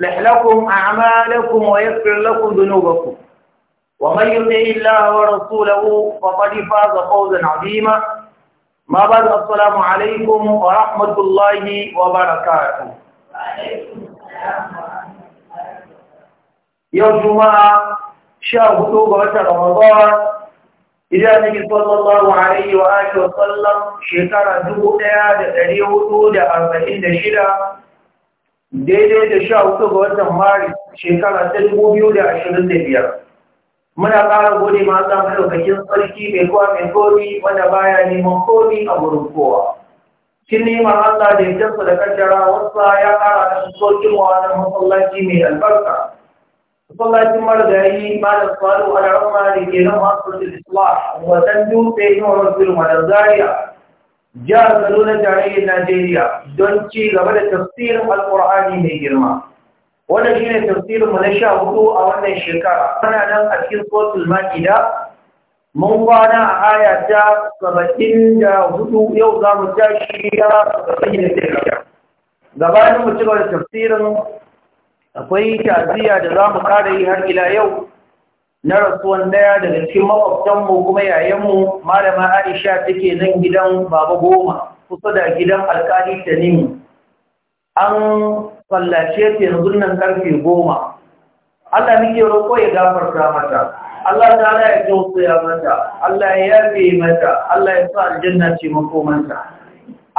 يصلح لكم أعمالكم ويغفر لكم ذنوبكم ومن يطع الله ورسوله فقد فاز فوزا عظيما ما بعد السلام عليكم ورحمة الله وبركاته يوم جمعة شهر أكتوبر رمضان إذا النبي صلى الله عليه وآله وسلم شكر ذو دا دريه دا أربعين شرع daidai da sha hudu ga watan Maris, shekara ta dubu biyu da ashirin da biyar muna ƙara gode ma Allah madaukakin sarki mai kuwa mai komi wanda baya neman komi a wurin kowa kin neman Allah da ya da kaddara wasa ya ƙara da sokin wa na masallaci mai albarka masallacin marigayi malam salu a da ke nan wasu islam wasan dutse yin wa rasul madazariya jihar Kaduna tarayyar Najeriya don ci gaba da tafsirin Alƙur'ani mai girma. Wannan shine ne tafsirinmu na sha hudu a wannan shekara, muna nan a cikin Sotul Ma'ida, mun kwana a aya ta saba'in da hudu yau za mu tashi ya saba'in da shekara. Gabanin mu ci gaba tafsirin akwai taziya da za mu kare yi har ila yau na rasuwan daya daga cikin makwabtanmu kuma yayanmu malama aisha take nan gidan baba goma kusa da gidan alkali tanimu an fallace ta yanzu nan karfe goma Allah nike roƙo ya gafarta mata Allah ta'ala ya ya mata Allah ya yafe mata Allah ya sa aljanna ce makomanta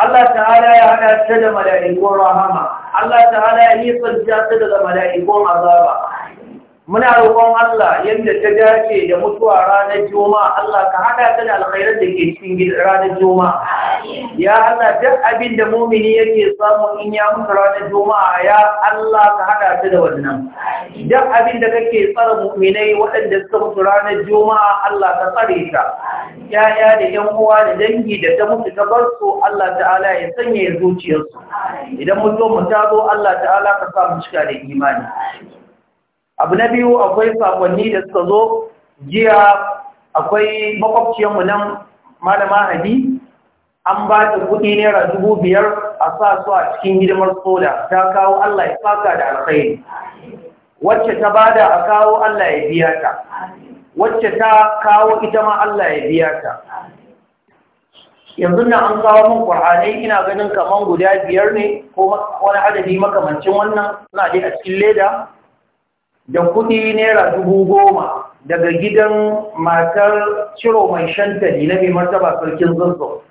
Allah ta'ala ya hada ta da mala'ikun rahama Allah ta'ala ya nisanta ta daga mala'ikun azaba muna roƙon Allah yadda ta dace da mutuwa ranar Juma'a Allah ka hada ta da alkhairar da ke cikin ranar Juma'a ya Allah duk abin da mumini yake samu in ya mutu ranar Juma'a ya Allah ka hada ta da wannan duk abin da kake tsara muminai waɗanda suka mutu ranar Juma'a Allah ka tsare ta yaya da yan uwa da dangi da ta mutu ta bar su Allah ta'ala ya sanya zuciyarsu idan mutuwar mu ta zo Allah ta'ala ka sa mu cika da imani abu na biyu akwai sakonni da suka zo jiya akwai mu nan malama hadi an ba ta kuɗi naira dubu biyar a sa su a cikin hidimar soda ta kawo allah ya faka da alkhairi wacce ta bada a kawo allah ya biya ta wacce ta kawo ita ma allah ya biya ta yanzu na an kawo min ƙwar'anai ina ganin kaman guda biyar ne ko wani adadi makamancin wannan suna dai a cikin leda da kuɗi naira dubu goma daga gidan matar ciro mai shantali na mai martaba sarkin zurzo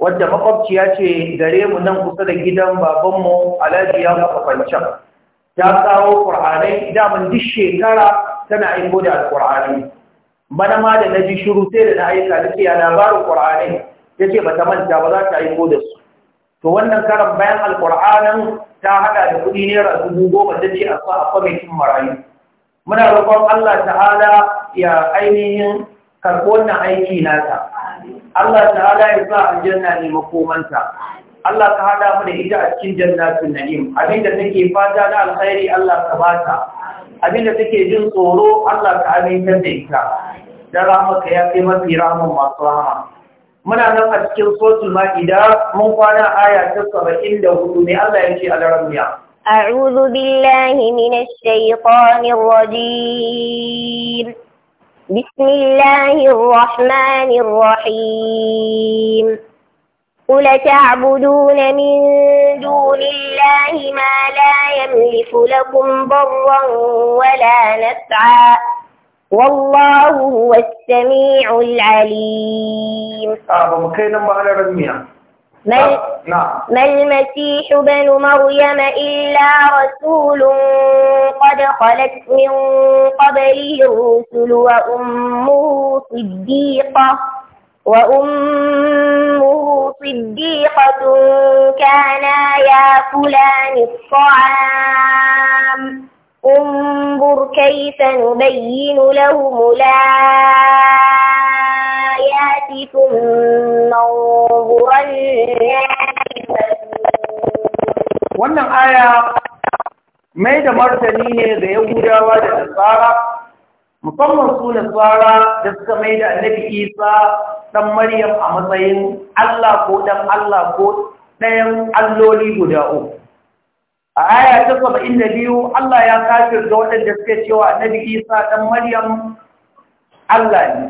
wadda makwabciya ce gare mu nan kusa da gidan babanmu alhaji ya kwakwancan ta kawo ƙur'anai daman duk shekara tana aiko da alƙur'anai bana ma da na ji shiru sai da na aika da ke yana labarin ƙur'anai ya ce ba ta manta ba za ta aiko da su to wannan karan bayan alƙur'anan ta haɗa da kuɗi naira dubu goma ta ce a sa a kwamitin marayu muna roƙon Allah ta'ala ya ainihin karɓo wannan aiki nata Allah ta'ala ya sa aljanna ne makomanta Allah ka hada mu da ita a cikin jannatin na'im abinda take fata na alkhairi Allah ka bata abinda take jin tsoro Allah ka aminta da ita da rahmaka ya kai mafi rahman masu rahama muna nan a cikin sotul ma'ida mun kwana aya ta 74 ne Allah ya ce a أعوذ بالله من الشيطان الرجيم بسم الله الرحمن الرحيم قل تعبدون من دون الله ما لا يملك لكم ضرا ولا نفعا والله هو السميع العليم. آه، ما آه، نعم. المسيح بن مريم إلا رسول قد خلت من قبله الرسل وأمه صديقة وأمه صديقة كانا يأكلان الطعام انظر كيف نبين لهم الآية wannan aya mai da martani ne ga Yahudawa da Nasara musamman su Nasara da suka mai da Annabi Isa dan Maryam a matsayin Allah ko dan Allah ko ɗayan alloli guda uku a aya ta saba'in da biyu Allah ya kafir da waɗanda suke cewa annabi isa ɗan maryam Allah ne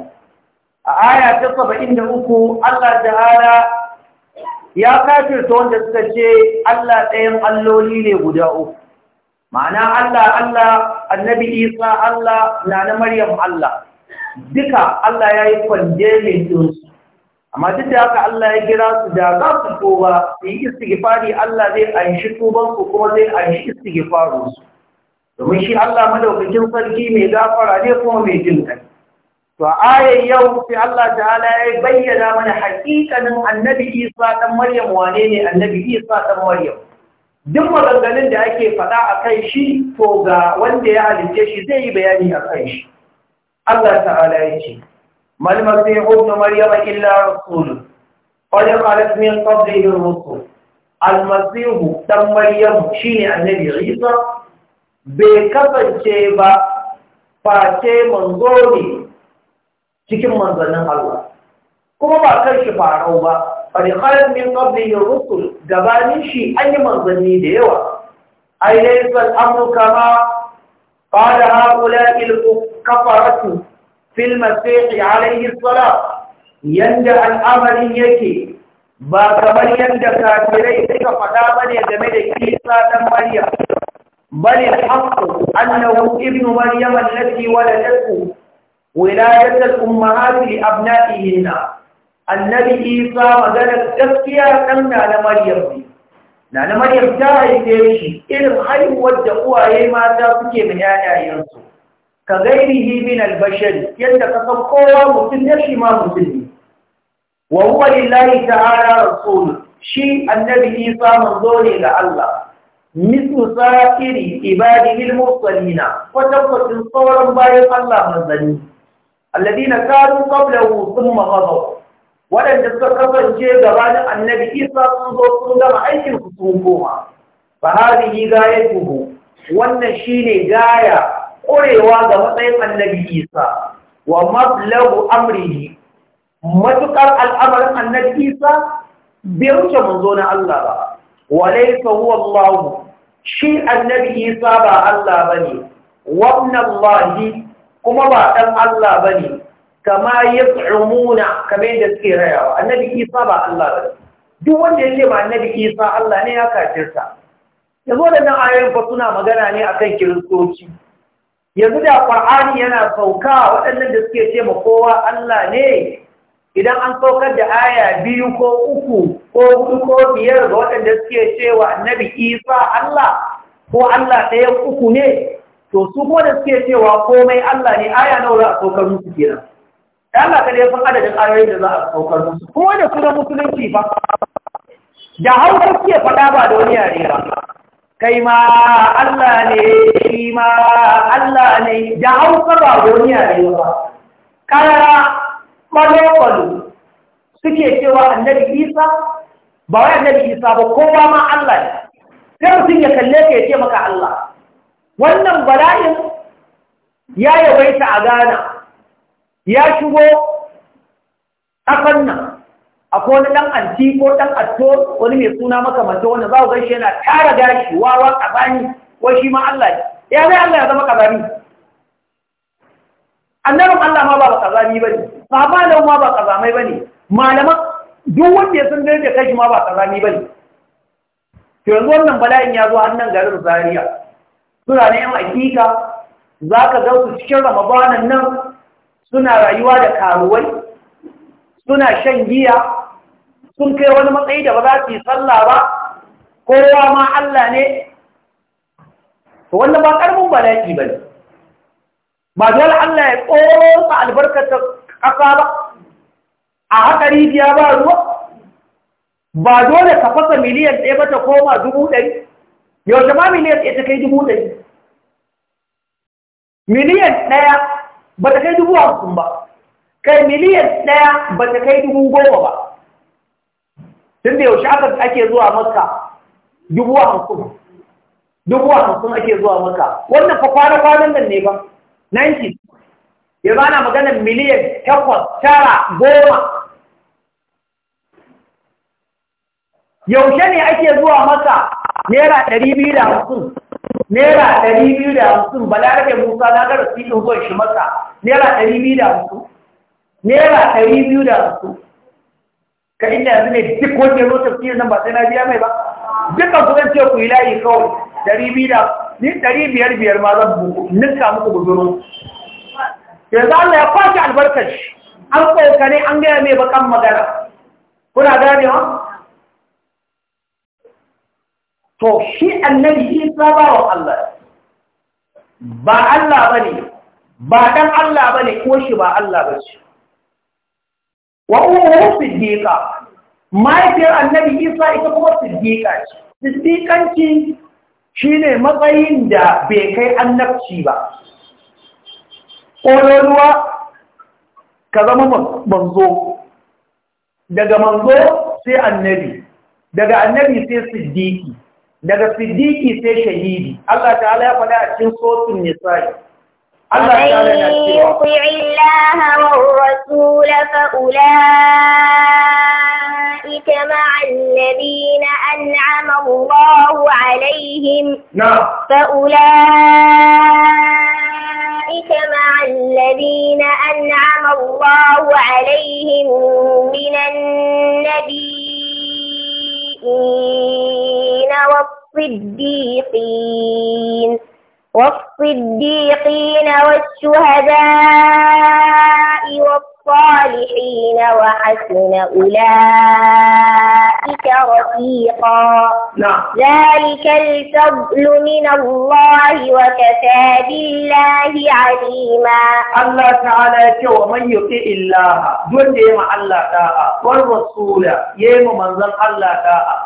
a aya ta saba'in da uku Allah ta'ala ya kafirta wanda suka ce Allah ɗayan alloli ne guda uku ma'ana Allah Allah annabi Isa Allah na na Maryam Allah duka Allah ya yi mai ɗinsu amma duk da haka Allah ya kira su da za su tuba su yi istighfari Allah zai aishi tubansu kuma zai anshi istighfarinsu domin shi Allah madaukakin sarki mai gafara ne kuma mai jin kai to ayar yau sai Allah ta'ala ya bayyana mana hakikanin annabi Isa ɗan Maryam wane ne annabi Isa dan Maryam duk maganganun da ake faɗa a kai shi to ga wanda ya halitta shi zai yi bayani a kai shi Allah ta'ala ya ce mal masihu ibn maryam illa rasul qad qalat min qablihi ar-rusul al masihu dan maryam shine annabi Isa bai kasance ba face manzo ne cikin manzannin Allah kuma ba kan shi farau ba wani khalid min da rusul gabanin shi an yi manzanni da yawa ai laysa al-amru kama qala haula'i al-kafaratu fil masih alayhi salam yanda al'amarin yake ba kamar yadda kafirai suka faɗa ba ne game da Isa dan Maryam bal al annahu ibnu Maryam allati waladatu ولاية الأمهات لأبنائهن annabi isa maganar gaskiya ɗan na na maryam ta haife shi irin haihuwar da uwaye mata suke mai yanayensu ka gairihi min albashar yadda ka san kowa mutum ne shi mutum ne wa huwa lillahi ta'ala rasul shi annabi isa manzo ne ga Allah mislu sa'iri ibadi al-mursalina wa tabbatun sauran bayan Allah manzanni alladina kanu qablahu thumma ghadaw wadanda suka kasance gabanin annabi isa sun zo sun gama aikin su sun koma fa hadhihi gayatuhu wannan shine gaya Kurewa ga matsayin annabi isa wa mablagu amrihi matukar al'amarin annabi isa bai wuce manzo na Allah ba wa laysa huwa Allah shi annabi isa ba Allah bane wa ibn Allah kuma ba ɗan Allah ba ne kama ya tsumuna kama yadda suke rayawa annabi isa ba Allah ba duk wanda ya ce ma annabi isa Allah ne ya kafirta yanzu nan ayoyin fa suna magana ne akan kiristoci yanzu da kur'ani yana sauka waɗannan da suke ce ma kowa Allah ne idan an saukar da aya biyu ko uku ko hudu ko biyar ga waɗanda suke ce wa annabi Isa Allah ko Allah ɗaya uku ne to su kuma da suke cewa komai Allah ne aya nawa za a saukar musu kenan da Allah kada ya san adadin ayoyin da za a saukar musu ko da sunan musulunci ba da hausa suke faɗa ba da wani yare ba kai ma Allah ne shi ma Allah ne da hausa ba da wani yare ba karara malokwalu suke cewa annabi isa ba wai annabi isa ba kowa ma Allah ne sai mutum ya kalle ka ya ce maka Allah wannan bala'in ya ta a Ghana ya shigo ƙasan nan a kone ɗan anti ko ɗan atto wani mai suna makamanta wanda za ku gashi yana tara gashi wawa ƙazani wai shi ma Allah ne ya zai Allah ya zama ƙazani annabin Allah ma ba ba ƙazani ba ne sahabalan ma ba ƙazamai ba ne malaman duk wanda ya sun daraja kashi ma ba ƙazani ba ne to yanzu wannan bala'in ya zo hannun garin Zaria suna na yan hakika za ka ga su cikin ramadanan nan suna rayuwa da karuwai suna shan giya sun kai wani matsayi da ba za su yi sallah ba kowa ma Allah ne to wannan ba ba na bane ba dole Allah ya tsoro albarkata ƙasa ba a haka rijiya ba ruwa ba dole ka fasa miliyan ɗaya ba ta koma dubu ɗari yaushe ma miliyan ɗaya ta kai dubu ɗari miliyan ɗaya ba ta kai dubu hamsin ba kai miliyan ɗaya ba ta kai dubu goma ba tun da yaushe aka ake zuwa maka dubu hamsin dubu hamsin ake zuwa maka wannan fa kwana-kwanan nan ne ba 90 ya zana maganar miliyan takwas tara goma yaushe ne ake zuwa maka naira ɗari biyu da hamsin naira ɗari biyu da hamsin rage musa na ga rasilin gwan shi maka naira ɗari biyu da hamsin naira ɗari biyu da hamsin ka inda yanzu ne duk wanda zo tafsirin nan ba sai na biya mai ba dukkan ku zan ce ku yi layi kawai ɗari biyu da ni ɗari biyar biyar ma zan ninka muku gudurun yanzu Allah ya kwashe albarkar shi an tsokane an gaya mai bakan magana kuna ganewa to shi annabi isa wa Allah ba Allah ba ne ba ɗan Allah ba ne ko shi ba Allah ba ce wa uwu siddiqa mahaifiyar annabi isa ita kuma siddiqa ce siddiqanci shine matsayin da bai kai annabci ba ƙololuwa ka zama manzo daga manzo sai annabi daga annabi sai siddiqi daga siddiqi sai shahidi Allah ta'ala ya faɗa a cikin suratul nisa'i Allah ta'ala ya ce yuqillaha wa rasul fa ulaika ma'al ladina an'ama Allahu alaihim na fa أولئك مع الذين أنعم الله عليهم من النبي الصديقين والصديقين والصديقين والشهداء والصديقين الصالحين وحسن أولئك رفيقا نعم. ذلك الفضل من الله وكفى بالله عليما الله تعالى يقول ومن يطع الله دون ديما الله تعالى والرسول يوم منزل الله تعالى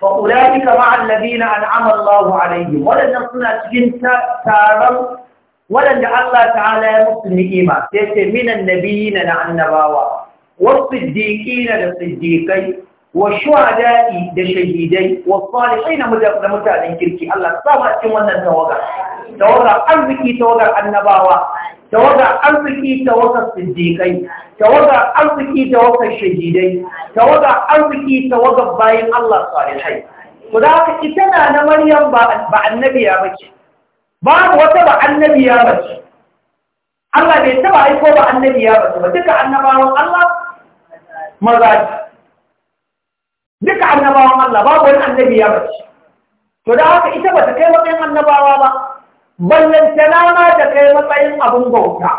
فأولئك مع الذين أنعم الله عليهم ولن نصنع تجنت تارا waɗanda Allah ta'ala ya musu ni'ima sai ce minan nabiyina na annabawa wa siddiqina da siddiqai wa shuhada'i da shahidai wa salihin da mutanen kirki Allah ta ba wannan tawaga tawaga arziki tawaga annabawa tawaga arziki tawaga siddiqai tawaga arziki tawaga shahidai tawaga arziki tawaga bayan Allah salihai ku da ita na na Maryam ba annabiya bace babu wata ba annabi ya ce. Allah bai taba aiko ba annabi ya ce ba duka annabawan Allah maza duka annabawan Allah babu wani annabi ya ce. to da haka ita bata kai matsayin annabawa ba ballantana ma ta kai matsayin abin bauta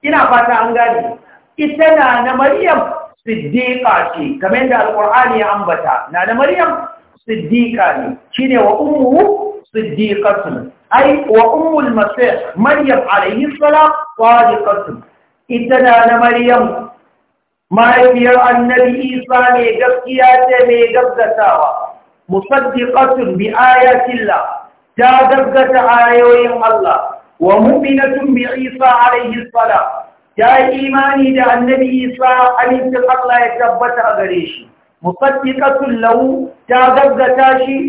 ina fata an gane ita na na maryam siddiqa ce kamar yadda alqur'ani ya ambata na na maryam siddiqa ne shine wa ummuhu siddiqatun ay wa ummul masih maryam alayhi salam sadiqatun idana na maryam mahaifiyar annabi isa ne gaskiya ce mai gaggatawa musaddiqatun bi ayatin la ta gaggata ayoyin allah wa mu'minatun bi isa alayhi salam yi imani da annabi isa alayhi allah ya tabbata a gare shi Mu musaddiqatun lahu ta gaggata shi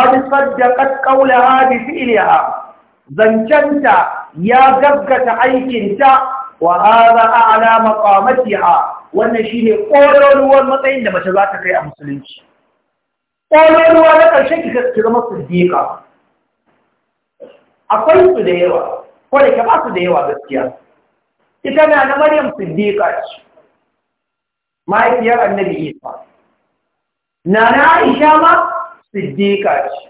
قد صدقت قولها بفعلها زنجنتا يا جبكت عيكنتا وهذا أعلى مقامتها والنشيه قولوا المطعين لما في يا مسلمين قولوا لك الشيء كذلك الصديقة أقلت ديوة ولك بعث ديوة بسيا إذن أنا مريم صديقة ما يتيار النبي إيسا نانا إشامة siddiƙa ce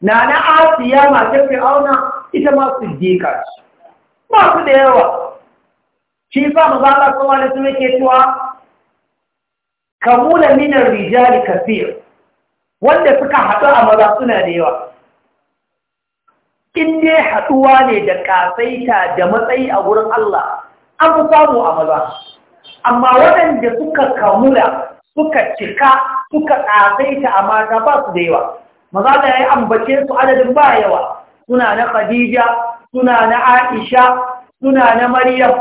na na asiya masu fir'auna ita ma siddiƙa ce masu da yawa shi fa mu ba ka kowa da su yake Ka kamula minar rijali kafir wanda suka haɗu a maza suna da yawa in dai haɗuwa ne da ƙasaita da matsayi a wurin Allah an fi samu a maza amma waɗanda suka kamula suka cika suka ita a mata ba su da yawa maza da ya ambace su adadin ba yawa suna na khadija suna na aisha suna na maryam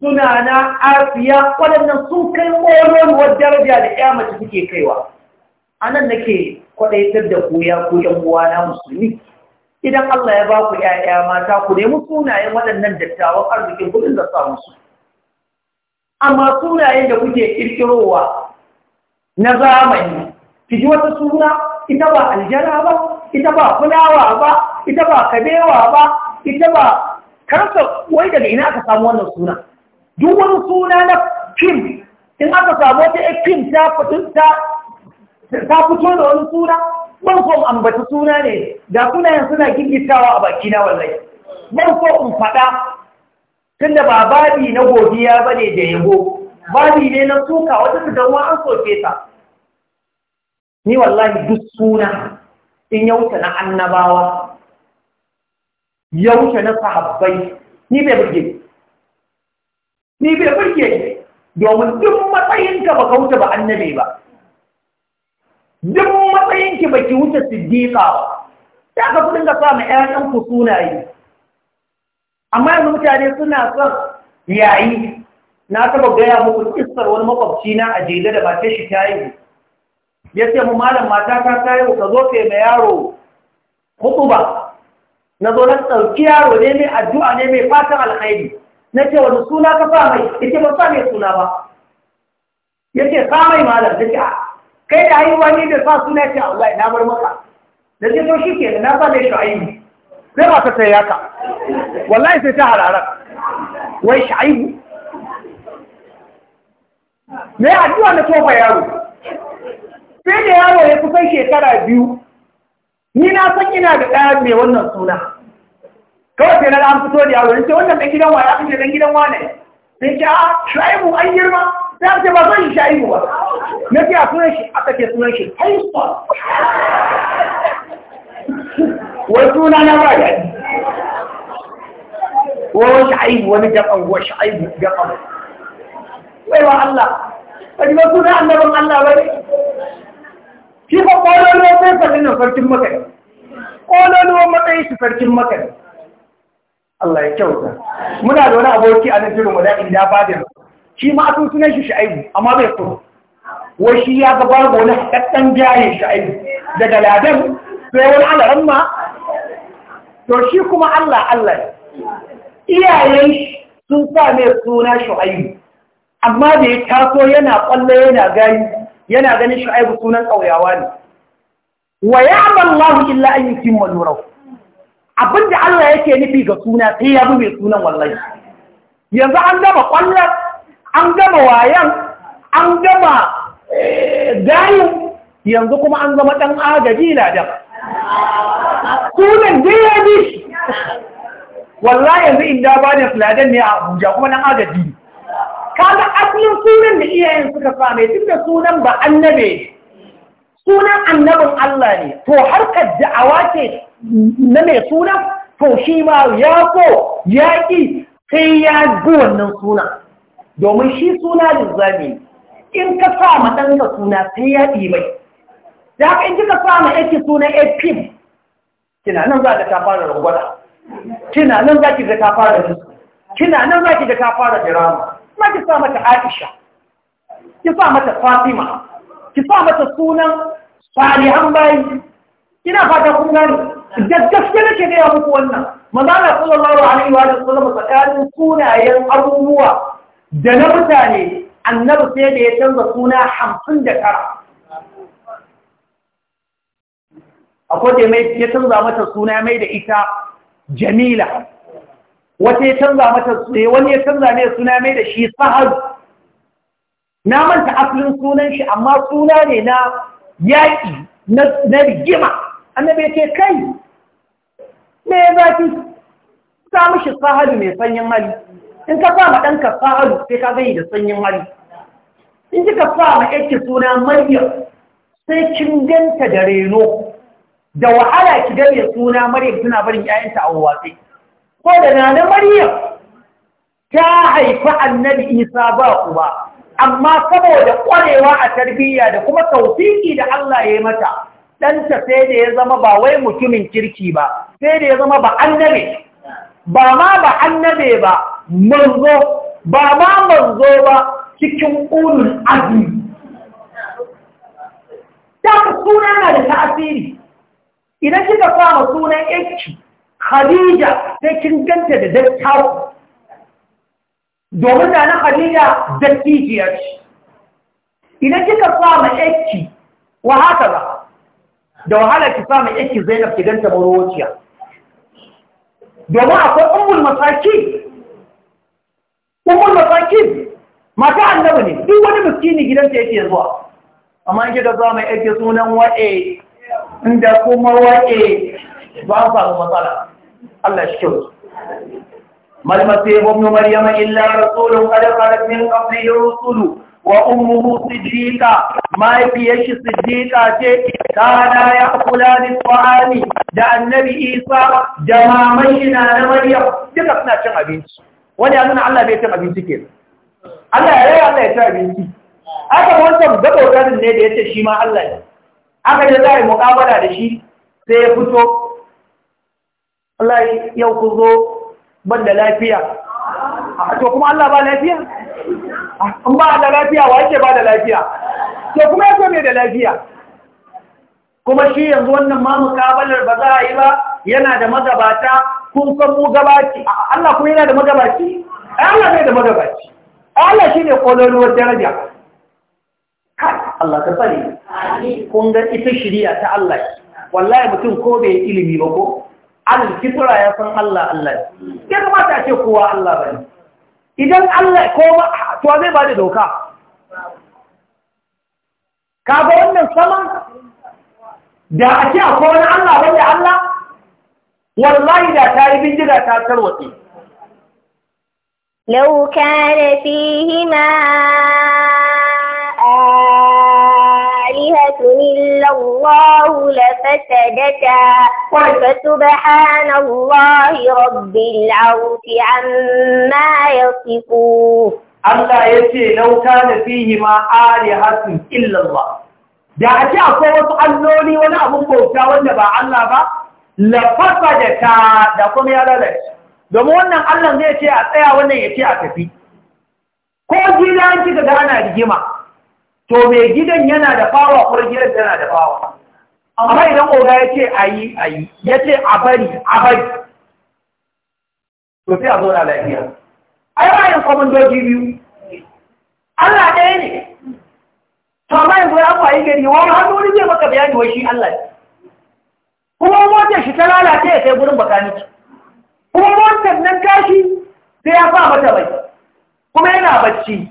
suna na afiya waɗannan sun kai ƙololuwar daraja da ya mace suke kaiwa a nan nake kwaɗaitar da ku ya ku yan uwana musulmi idan Allah ya ba ku ‘ya'ya mata ku nemi sunayen waɗannan dattawan arzikin kuɗin da samu su amma sunayen da kuke ƙirƙirowa na zamani ki ji wata suna ita ba aljana ba ita ba fulawa ba ita ba kabewa ba ita ba karsa wai daga ina aka samu wannan suna duk wani suna na kim in aka samu wata ya kim ta fito da wani suna ban so ambata suna ne da sunayen suna gingitawa a baki na wallahi ban so in faɗa tun da ba babi na godiya ba ne da yabo babi ne na suka wata su dan an soke ta ni wallahi duk suna in yauta na annabawa yauta na sahabbai ni bai burge ni bai burge domin duk matsayinka ba kauta wuce ba annabi ba duk matsayinki ba ki wuce siddiqa ba ta ka kudin ka samu ƴaƴan ku sunaye amma yanzu mutane suna son yayi na taba gaya muku kissar wani makwabci na a jela da ba ta shi ta yi ya ce mu malam mata ta kayo ka zo ke mai yaro hudu ba na zo na ɗauki yaro ne mai addu'a ne mai fatan alkhairi na ce wani suna ka sa mai ya ce ba sa mai suna ba ya ce sa mai malam da ce a ah, kai da haihuwa ne da sa suna ce Allah na bar maka na ce to shi ke da na sa mai shu'aibu sai ba ta sai yaka wallahi sai ta hararar wai shu'aibu me addu'a na tofa yaro sai da yaro ya kusan shekara biyu ni na san ina da ɗaya mai wannan suna kawai sai na an fito da yaro ce wannan ɗan gidan wa ya kashe ɗan gidan wa ne sai ce a ah, sha'ibu an girma sai ce ba zan shi sha'ibu ba na ce a sunan shi aka ce sunan shi haifar wai suna na ba ya yi wani sha'ibu wani jaban wa sha'ibu jaban wai wa Allah wani ba suna annabin Allah ba ne shi fa ƙololuwa sai faɗi nan sarkin maka ƙololuwa matsayin shi sarkin maka Allah ya kyauta muna da wani aboki a nan jirin wada'in ya bada shi ma a sunan shi sha'ibu amma bai so wai shi ya gaba wani haɗaɗɗen jaye sha'ibu daga ladan sai wani alaran ma to shi kuma Allah Allah iyayen sun sa mai suna shu'ayu amma da ya taso yana ƙwallo yana gani yana ganin shu'aibu sunan ƙauyawa ne wa ya Allahu illa an yutimma abinda Allah yake nufi ga suna sai ya bi sunan wallahi yanzu an gama kwallon an gama wayan an gama eh, gayu yanzu kuma an zama ɗan agaji na da sunan dai ya bi wallahi yanzu inda ba ne filaden ne a Abuja kuma ɗan agaji kaga asalin sunan da iyayen suka sa mai duk da sunan ba annabe sunan annabin Allah ne to harkar da'awa ce na mai sunan to shi ma ya so ya ki sai ya bi wannan sunan. domin shi suna lizzami in ka sa ma ɗanka suna sai ya ɗi mai da haka in kika sa ma yake sunan Fim, kina nan za ka ta fara rangwada kina nan za ki ga ta fara kina nan za ki ga ta fara jirama amma ki sa mata Aisha ki sa mata Fatima ki sa mata sunan salihan bayi ina fata kun gani gaskiya nake ga muku wannan manzala sallallahu alaihi wa sallam tsakanin sunayen abubuwa da na mutane annabi sai da ya canza suna hamsin da tara akwai da mai ya canza mata suna mai da ita jamila wata ya canza mata sai eh, wani ya canza mai suna mai da shi sahad na manta asalin sunan shi amma suna ne na yaƙi na rigima annabi ce kai me za ki sa mishi sahadu mai sanyin hali in ka sa ma ɗanka sai ka zai da sanyin hali in kika sa ma suna maryar sai kin ganta da reno da wahala ki ga suna maryam tana barin 'ya'yanta a watsi ko da nana maryam ta haifi annabi isa ba uba amma saboda ƙwarewa a tarbiyya da kuma taufiki da Allah ya mata ɗanta sai da ya zama ba wai mutumin kirki ba sai da ya zama ba annabe ba ma ba annabe ba manzo ba ma manzo ba cikin ulul azmi ta suna na da ta'asiri idan kika kama sunan yanki Khadija sai kin ganta da dattawa domin da na Khadija dattijiya shi. idan kika sa ma yakki wa haka ba da wahala ki sa ma yakki Zainab ki ganta marociya domin akwai ummul masaki ummul masaki mata annabi ne duk wani miskini gidanta yake zuwa amma kika sa ma yakki sunan wa'e inda kuma wa'e ba samu matsala Allah shi kyau Malmasi ya ibn Maryama illa rasulun qad khalat min qablihi Rasulu wa ummuhu siddiqa ma yashi siddiqa ce kana ya kula da tsohani da annabi isa da mamai na na maryam duka suna cin abinci wani ya nuna Allah bai cin abinci ke Allah ya rai Allah ya cin abinci aka wancan gaba wurin ne da ya ce shi ma Allah ne aka je za a yi muƙabala da shi sai ya fito Allah yau ku zo ban da lafiya ah, to kuma Allah ba lafiya ah, In ba da lafiya wa yake ba da lafiya to kuma yake mai da lafiya kuma shi yanzu wannan ma mukabalar ba za a yi ba yana da magabata kun san mu gabaci ah, Allah kuma yana da magabaci Allah bai da magabaci Allah shi ne kololuwar daraja Allah ka tsare kun ga ita shirya ta Allah wallahi mutum ko bai ilimi ba ko alkisra ya san Allah Allah ya kamata a ce kowa Allah ne. idan Allah ko ba to zai ba da doka ga wannan sama da a ce a wani Allah ne Allah wallahi da ta yi bindiga ta tarwatse لو كان fihima. آلهة إلا الله لفسدتا فسبحان الله رب العرش عما يصفون Allah ya ce lauta da fihi ma alihatun illallah da a ce akwai wasu alloli wani abun bauta wanda ba Allah ba lafasa da ta da kuma ya lalace domin wannan Allah zai ce a tsaya wannan ya ce a tafi ko gida an kika ga ana rigima to mai gidan yana da fawa kuma gidan tana da fawa amma idan oga ya ce a yi a yi ya ce a bari a bari to sai a zo na lafiya a yi bayan kwamandoji biyu Allah ɗaya ne to amma yanzu ya yi? gari wani hannu wani zai maka bayani wai shi Allah ne kuma motar shi ta lalata ya kai gurin bakaniki kuma motar nan gashi sai ya fa mata bai kuma yana bacci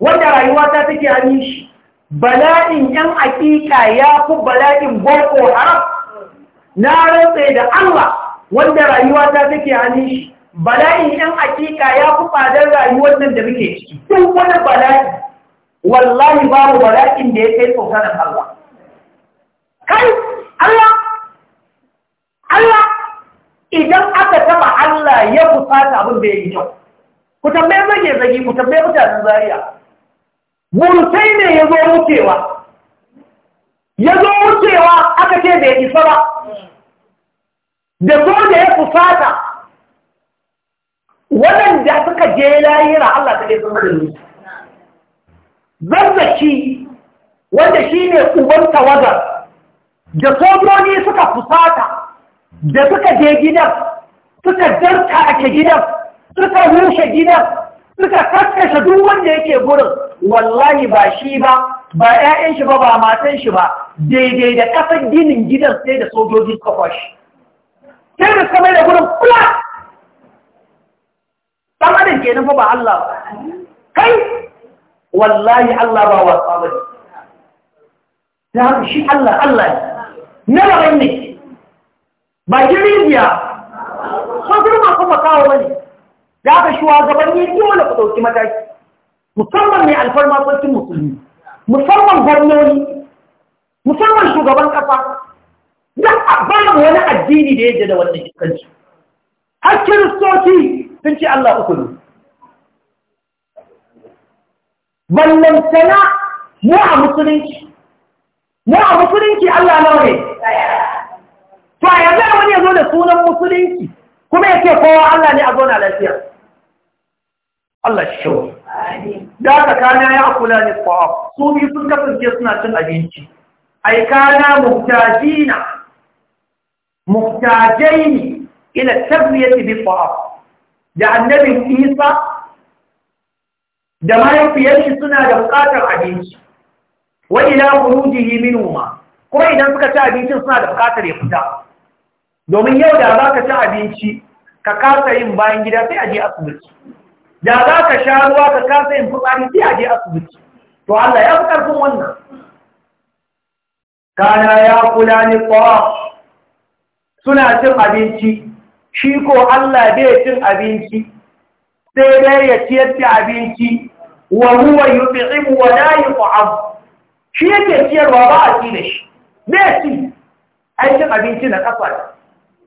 wanda rayuwa ta take hannun shi bala'in yan aƙiƙa ya fi bala'in boko haram na rantse da Allah wanda rayuwa ta take hannun shi bala'in yan aƙiƙa ya fi fadar rayuwar nan da muke ciki duk wani bala'i wallahi babu bala'in da ya kai tsokanar Allah kai Allah Allah idan aka taba Allah ya fusata abin da ya yi kyau ku tambaye zage zage ku tambaye mutanen zariya burtai ne ya zo wucewa ya zo wucewa aka ce bai isa ba da zo da ya fusata waɗanda suka je layira Allah ta ɗaya sun zazzaki wanda shi ne uban tawagar da sojoji suka fusata da suka je gidan suka darta ake gidan suka rushe gidan suka kaskashe duk wanda yake gurin wallahi ba shi ba ba 'ya'yan shi ba ba matan shi ba daidai da kafin ginin gidan sai da sojoji suka sai da suka da gurin kula ɗan adam ke nufa ba Allah ba kai wallahi Allah ba wasa ba ne da shi Allah Allah ne na rabar ne ba jiriya ko kuma kuma kawo wani da aka wa gabanin ne Wani ku ɗauki mataki musamman mai alfarma sarkin musulmi musamman gwamnoni musamman shugaban ƙasa don babu wani addini da yadda da wannan iskanci har kiristoci sun ce Allah uku ne ballantana mu a musulunci mu a musulunci Allah nawa ne to a yanzu wani ya zo da sunan musulunci kuma ya ce kowa Allah ne a zo na lafiya Allah shi shawar da aka kana ya kula ne ta'am su biyu sun kasance suna cin abinci ai kana muhtajina muhtajaini ila tabliyati bi ta'am da annabi Isa da mahaifiyar shi suna da bukatar abinci wa ila khurujihi minhuma kuma idan suka ci abincin suna da bukatar ya fita domin yau da za ka ci abinci ka kasa yin bayan gida sai a je asibiti da za ka sha ruwa ka kasa yin fitsari sai a je asibiti to Allah ya fi ƙarfin wannan kana ya kula ni tsawa suna cin abinci shi ko Allah bai cin abinci sai dai ya ci yadda abinci wa huwa yut'imu wa la yut'am shi yake ciyarwa ba a ci da shi bai ci ai cin abinci na kafa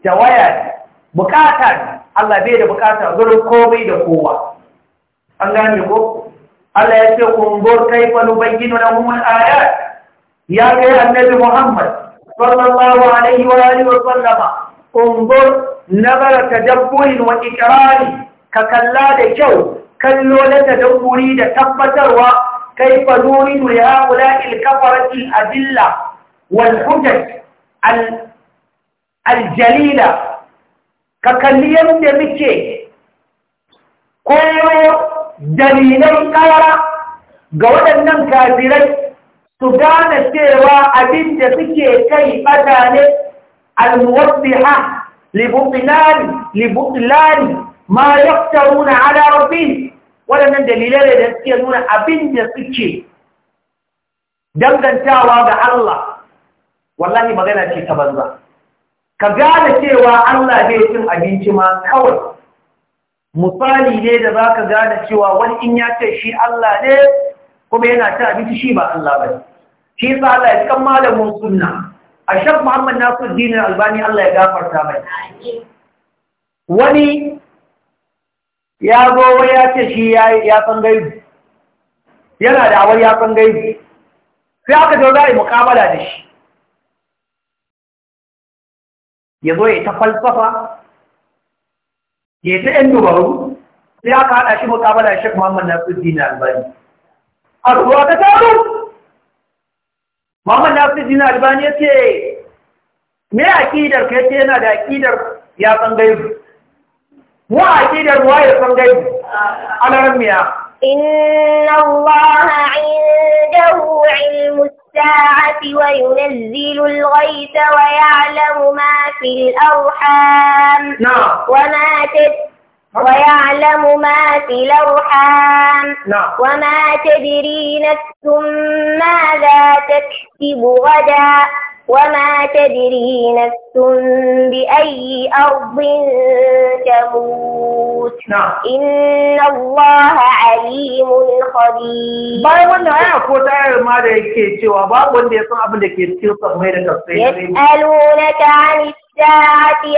da waya bukata Allah bai da bukata gurin komai da kowa an gane ko Allah ya ce kungur kaifa nubayyinu lahum al-ayat ya kai annabi Muhammad sallallahu alaihi wa alihi wa sallama kungur nazara tadabburi wa ikrari ka kalla da kyau kallo na tadabburi da tabbatarwa kaifa nuridu li haula'i al-kafarati adilla wal al-jalila ka kalli yadda muke koyo Dalilai ƙara ga waɗannan kafirai su gane cewa abin da suke kai ɓata ne almuwaddiha libutilani libutilani ma yaftaruna ala waɗannan dalilai da suke nuna abin da suke dangantawa ga Allah wallahi magana ce ta banza ka gane cewa Allah bai cin abinci ma kawai misali ne da za ka gane cewa wani in ya ce shi Allah ne kuma yana ta abinci shi ba Allah ba shi sa Allah ya kan malamin sunna a shaf Muhammad Nasiruddin Albani Allah ya gafarta mai wani ya zo ya ce shi ya san gaibi yana da awar ya san gaibi sai aka zo za a yi mukamala da shi ya zo ya ta falsafa ya ta ‘yan dubaru sai aka haɗa shi mukabala na Muhammad dina Albani. A ruwa ta taru, Muhammad dina Albani ya ce, Me aƙidar ka yace yana da aƙidar ya san gaibu. Mu aƙidar ruwa ya san gaibu, alaran إن الله عنده علم الساعة وينزل الغيث ويعلم ما في الأرحام نعم وما ويعلم ما في الأرحام نعم. وما تدري نفس ماذا تكسب غدا وما تدري نفس بأي أرض تموت نعم. إن الله عليم خبير باي wannan aya ko ta ayar ma da yake cewa babu wanda ya san abin da ke cikin sabbai da gaske yasalunaka an istati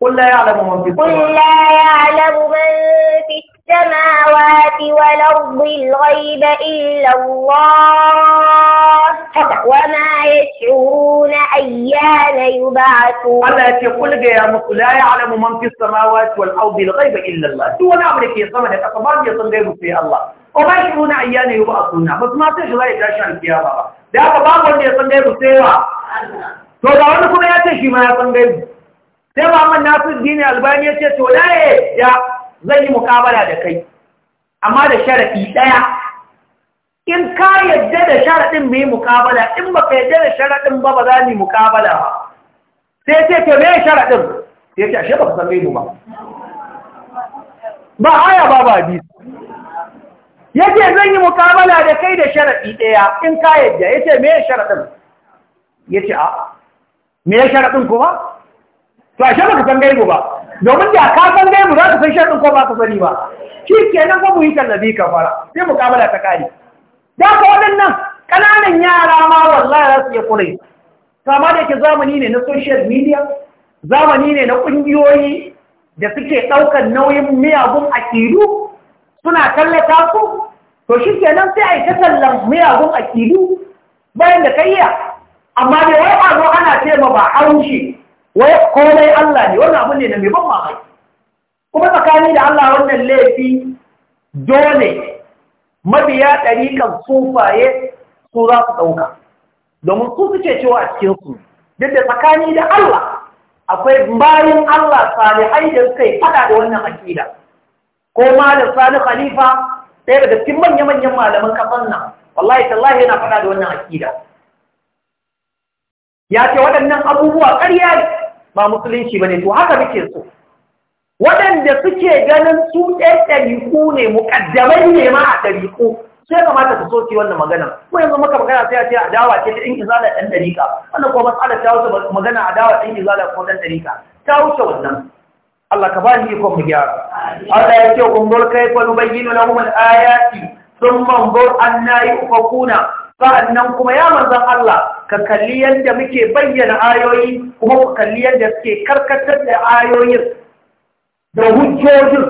qul la ya'lamu man fi man fi السماوات والأرض الغيب إلا الله وما يشعرون أيان يبعثون الله يقول لك يا مصر لا يعلم من في السماوات والأرض الغيب إلا الله دون أمرك يصمد أكبر يصمد في الله وما يشعرون أيان يبعثون بس ما تشعر لا يتعشان في الله ده أكبر من يصمد سيوا تو da wani kuma ya ce shi ma ya san gaibu sai Muhammad Nasir Dini Albani ce to laye ya zan yi mukabala da kai amma da sharaɗi ɗaya in ka yadda da sharaɗin mai yi in ba ka yadda da sharaɗin ba ba za mu yi mukabala ba sai ce ke me sharaɗin sai ce a ba kusan san mu ba ba aya ba ba bi ce zan yi mukabala da kai da sharaɗi ɗaya in ka yadda ya ce me sharaɗin Ya ce a me sharaɗin kuma to a ba kusan san gaibu ba domin da ka san dai mu za ka san shaɗin ko ba ka sani ba shi kenan ko mu yi tallabi ka fara sai mu mukamala ta kare da ka waɗannan ƙananan yara ma wallahi za su iya kurai kama da ke zamani ne na social media zamani ne na ƙungiyoyi da suke ɗaukar nauyin miyagun akidu suna tallata ku. to shi kenan sai a yi ta tallan miyagun akidu bayan da ka iya amma da wai ba zo ana ce ma ba haushi wai komai Allah ne wannan abin ne na mai ban mamaki kuma tsakani da Allah wannan laifi dole mabiya ɗarikan sufaye su za su ɗauka domin su suke cewa a cikinsu duk da tsakani da Allah akwai bayan Allah salihai da suka yi fada da wannan akida ko malam Sani Khalifa ɗaya daga cikin manya-manyan malaman kafan nan wallahi tallahi yana fada da wannan akida ya ce waɗannan abubuwa ƙarya ba musulunci ba ne to haka muke so waɗanda suke ganin su ɗan ɗariƙu ne muƙaddamai ne ma a ɗariƙu sai kamata su soke wannan maganar. ko yanzu maka magana sai a ce adawa ce ta ɗin izala ɗan ɗariƙa wannan kuma matsalar ta wuce magana adawa ɗin izala ko ɗan ɗariƙa ta wuce wannan Allah ka ba ni ikon mu gyara Allah ya ce kun bar kai fa nubayyinu lahum al-ayati thumma anzur anna yufakuna nan kuma ya manzan Allah ka kalli yadda muke bayyana ayoyi kuma ku kalli yadda suke karkatar da ayoyin da hujjojin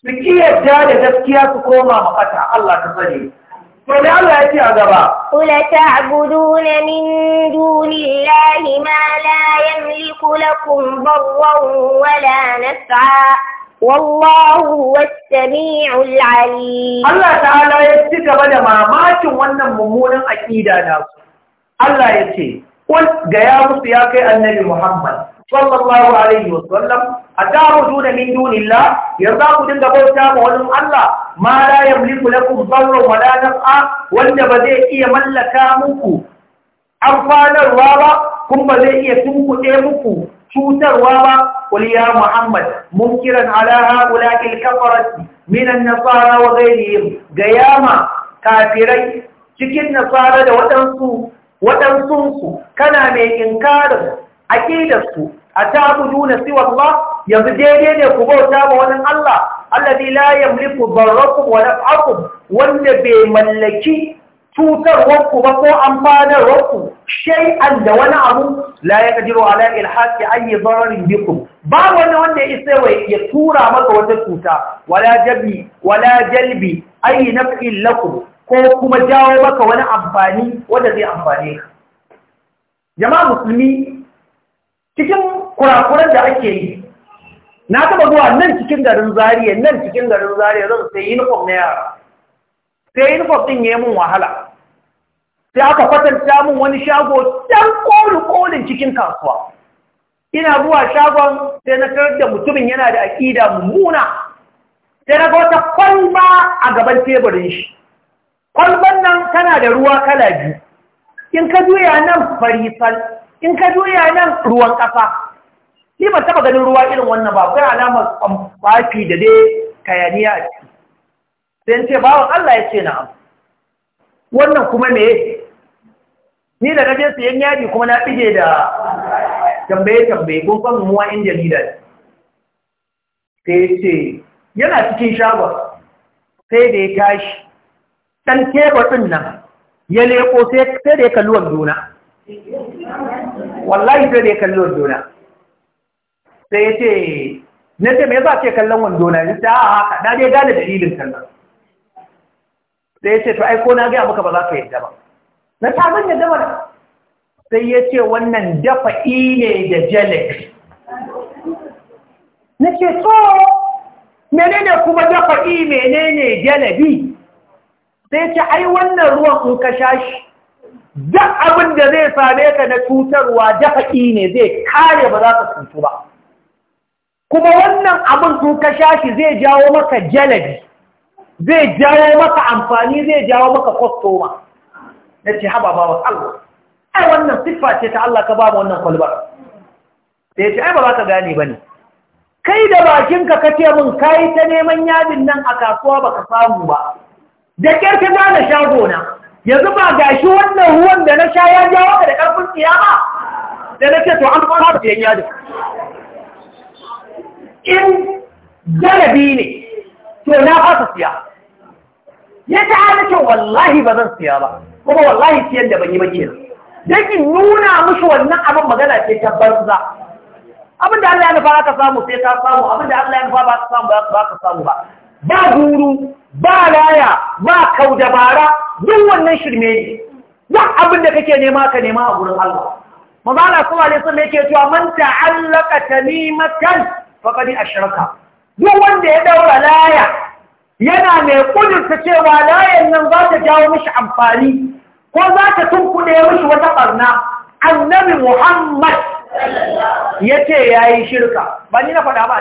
su kiyarda da gaskiya su koma mafata Allah ta sani Dole Allah ya ce a gaba. Kula ta'buduna min dunillahi ma la yamliku lakum darran wala nasa. والله هو السميع العليم الله تعالى يتكى بدا ماماكن wannan mummunan aƙida nasu Allah yace kun ga ya musu ya kai annabi Muhammad sallallahu alaihi wasallam atabuduna min dunillah yarda ku dinga bauta ma wani Allah ma la yamliku lakum dharra wa la naf'a wanda ba zai iya mallaka muku amfanarwa ba kuma ba zai iya tunkuɗe muku cutarwa ba qul ya muhammad munkiran ala haula il kafarati min nasara wa ghayrihim gayama kafirai cikin nasara da waɗansu waɗansunsu kana mai inkarin aƙidarsu a ta'budu na siwallah yanzu daidai ne ku bauta ba wani Allah alladhi la yamliku darrakum wa naf'akum wanda bai mallaki cutarwarku ba ko amfanarwarku shay'an da wani abu la ya kajiru ala ilhaqi ayi dararin bikum ba wani wanda ya isa ya tura maka wata cuta wala jabi wala jalbi ayi naf'in lakum ko kuma jawo maka wani amfani wanda zai amfani ka jama'a musulmi cikin kurakuran da ake yi na taba zuwa nan cikin garin zariya nan cikin garin zariya zan sai uniform na yara sai uniform ɗin ya mun wahala sai aka kwatanta mun wani shago ɗan kolin-kolin cikin kasuwa ina zuwa shagon sai na tarar da mutumin yana da aƙida mummuna sai na ga wata kwalba a gaban teburin shi kwalban nan tana da ruwa kala biyu in ka juya nan farifal in ka juya nan ruwan ƙasa ni ba taɓa ganin ruwa irin wannan ba kai alamar kwamfafi da dai kayaniya a ciki sai ce bawan Allah ya ce na na'am wannan kuma me ni da su 'yan yadi kuma na bige da tambaye tambaye kun san muwa in jarida sai ce yana cikin shagon sai da ya tashi ɗan tebur ɗin nan ya leƙo sai da ya kalli duna wallahi sai da ya kalli duna sai ya ce na ce mai za ce kallon wandona ya ce a haka na dai gane dalilin kallon sai ya ce to aiko na gaya maka ba za ka yadda ba na ta zan yadda ba sai ya ce wannan dafa ne da jelek na ce to menene kuma dafa i menene jalabi sai ce ai wannan ruwan in ka sha shi duk abin da zai same ka na cutarwa dafa i ne zai kare ba za ka cutu ba kuma wannan abin in ka sha shi zai jawo maka jalabi zai jawo maka amfani zai jawo maka kwastoma na ce ba wa Allah ai wannan siffa ce ta Allah ka ba mu wannan kwalbar da ya ce ai ba ka gane ba ne kai da bakinka ka ce mun kayi ta neman yadin nan a kasuwa ba ka samu ba da ƙyar ka gane sha gona yanzu ba gashi wannan ruwan da na sha ya jawo ka da ƙarfin ba da na ce to an fara da yan yadin in galabi ne to na fasa siya ya ta nake wallahi ba zan siya ba kuma wallahi siyan da ban yi ba kenan dan in nuna musu wannan abin magana ce ta banza abin da Allah ya nufa aka samu sai ka samu abin da Allah ya nufa ba ka samu ba ka samu ba ba guru ba laya ba kaudabara duk wannan shirme ne duk abin da kake nema ka nema a gurin Allah manzo Allah sallallahu alaihi wasallam yake cewa man ta'allaka tamimatan faqad ashraka duk wanda ya daura laya yana mai kudurta cewa layan nan za ta jawo mishi amfani ko za ta tunkuɗe mishi wata ɓarna annabi muhammad ya ce ya yi shirka ba ni na faɗa ba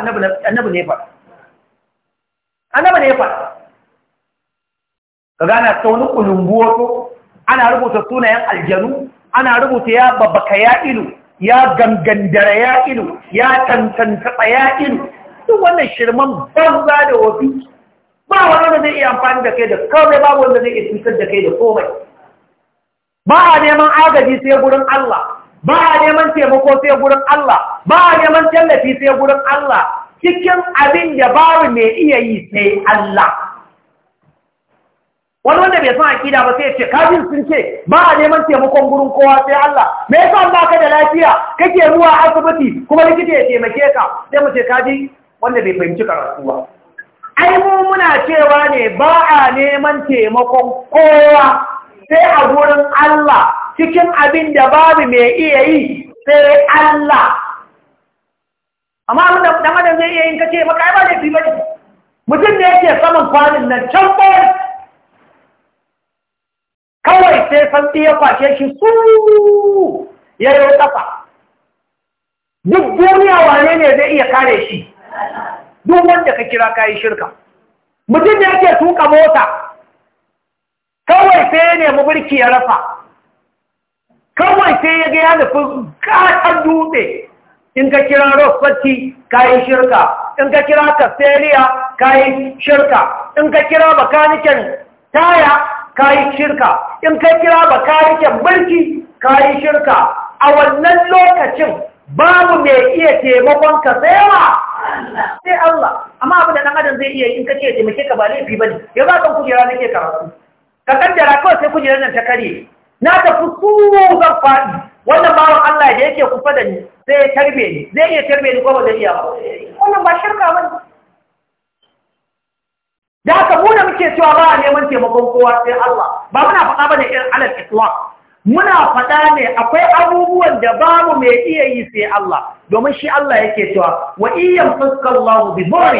annabi ne faɗa annabi ne faɗa ka gana ta wani wato ana rubuta sunayen aljanu ana rubuta ya babbaka ya ilu ya gangandara ya ilu ya tantanta ya ilu duk wannan shirman banza da wafi ba wani wanda zai iya amfani da kai da kawai wani wanda zai iya cutar da kai da komai ba a neman agaji sai gurin Allah ba a neman taimako sai gurin Allah ba a neman tallafi sai gurin Allah cikin abin da babu mai iya yi sai Allah wani wanda bai san akida ba sai ce kafin sun ce ba a neman taimakon gurin kowa sai Allah me yasa ba ka da lafiya kake ruwa asibiti kuma likita ya taimake ka sai mu ce kaji wanda bai fahimci karatu ai mu muna cewa ne ba a neman taimakon kowa sai a gurin Allah cikin abin da babu mai iya yi sai Allah amma abin da dan zai iya yin kace maka ba da fiba mutum da yake saman kwanin nan can bai kawai sai san iya kwashe shi su ya yi kafa duk duniya wane ne zai iya kare shi duk wanda ka kira ka yi shirka mutum da yake tuka mota kawai sai ya nemi birki ya rafa kawai sai ya ga ya nufi ƙasar dutse in ka kira ka yi shirka in ka kira kasteliya yi shirka in ka kira bakaniken taya ka yi shirka in ka kira bakaniken birki ka yi shirka a wannan lokacin babu mai iya taimakon ka wa? sai Allah amma abin da dan adam zai iya yi in ka ce taimake ka ba laifi bane ya ba kan kujera nake karatu ka kaddara kawai sai kujerar nan ta kare na tafi su zan faɗi wannan bawan Allah da yake kufa da ni zai ya tarbe ni zai iya tarbe ni ko ba zai iya ba wannan ba shirka bane da ka mu da muke cewa ba a neman taimakon kowa sai Allah ba muna faɗa bane irin alal islam muna faɗa ne akwai abubuwan da babu mai iya yi sai Allah domin shi Allah yake cewa wa iyyam fasqallahu bi dhurri